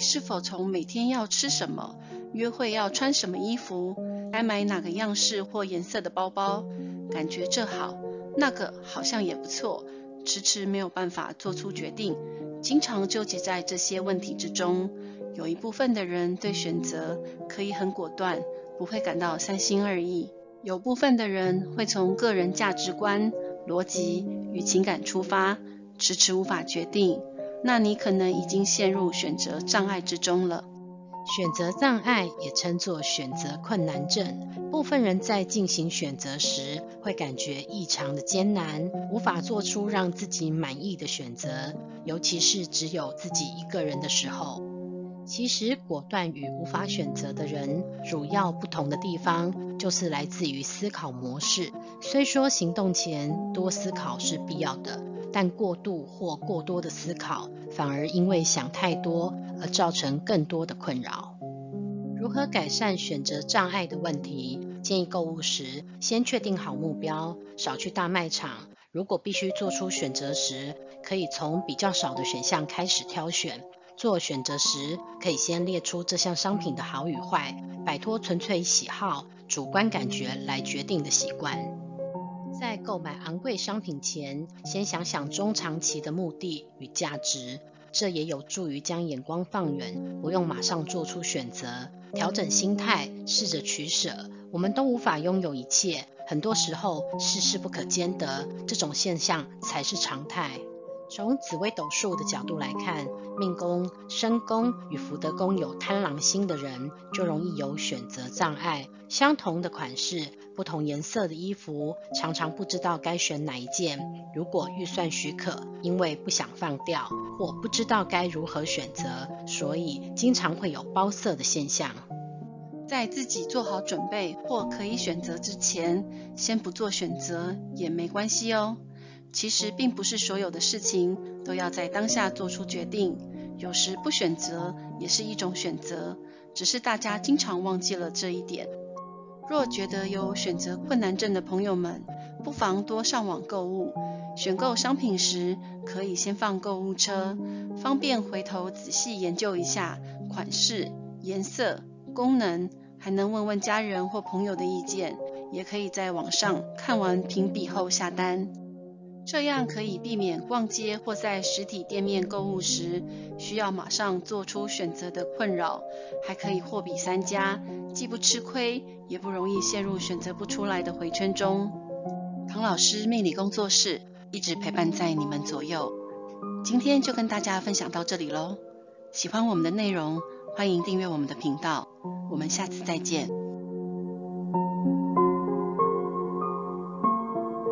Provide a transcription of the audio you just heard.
你是否從每天要吃什麼、約會要穿什麼衣服、該買哪個樣式或顏色的包包？感覺這好，那個好像也不錯，遲遲沒有辦法做出決定，經常糾結在這些問題之中。有一部分的人對選擇可以很果斷，不會感到三心二意；有部分的人會從個人價值觀、邏輯與情感出發，遲遲無法決定。那你可能已經陷入選擇障礙之中了。選擇障礙也稱作選擇困難症，部分人在進行選擇時會感覺異常的艱難，無法做出讓自己滿意的選擇，尤其是只有自己一個人的時候。其實，果斷與無法選擇的人主要不同的地方，就是來自於思考模式。雖說行動前多思考是必要的。但過度或過多的思考，反而因為想太多而造成更多的困擾。如何改善選擇障礙的問題？建議購物時先確定好目標，少去大賣場。如果必須做出選擇時，可以從比較少的選項開始挑選。做選擇時，可以先列出這項商品的好與壞，擺脫純粹喜好、主觀感覺來決定的習慣。在購買昂貴商品前，先想想中長期的目的與價值，這也有助於將眼光放遠，不用馬上做出選擇，調整心態，試着取捨。我們都無法擁有一切，很多時候事事不可兼得，這種現象才是常態。從紫微斗數的角度來看，命宮、身宮與福德宮有貪狼星的人，就容易有選擇障礙。相同的款式、不同顏色的衣服，常常不知道該選哪一件。如果預算許可，因為不想放掉或不知道該如何選擇，所以經常會有包色的現象。在自己做好準備或可以選擇之前，先不做選擇也沒關係哦。其實並不是所有的事情都要在當下做出決定，有時不選擇也是一種選擇，只是大家經常忘記了這一點。若覺得有選擇困難症的朋友們，不妨多上網購物，選購商品時可以先放購物車，方便回頭仔細研究一下款式、顏色、功能，還能問問家人或朋友的意見，也可以在網上看完評比後下單。這樣可以避免逛街或在實體店面購物時需要馬上做出選擇的困擾，還可以貨比三家，既不吃虧，也不容易陷入選擇不出來的回圈中。唐老師命理工作室一直陪伴在你們左右，今天就跟大家分享到這裡嘍。喜歡我們的內容，歡迎訂閱我們的頻道，我們下次再見。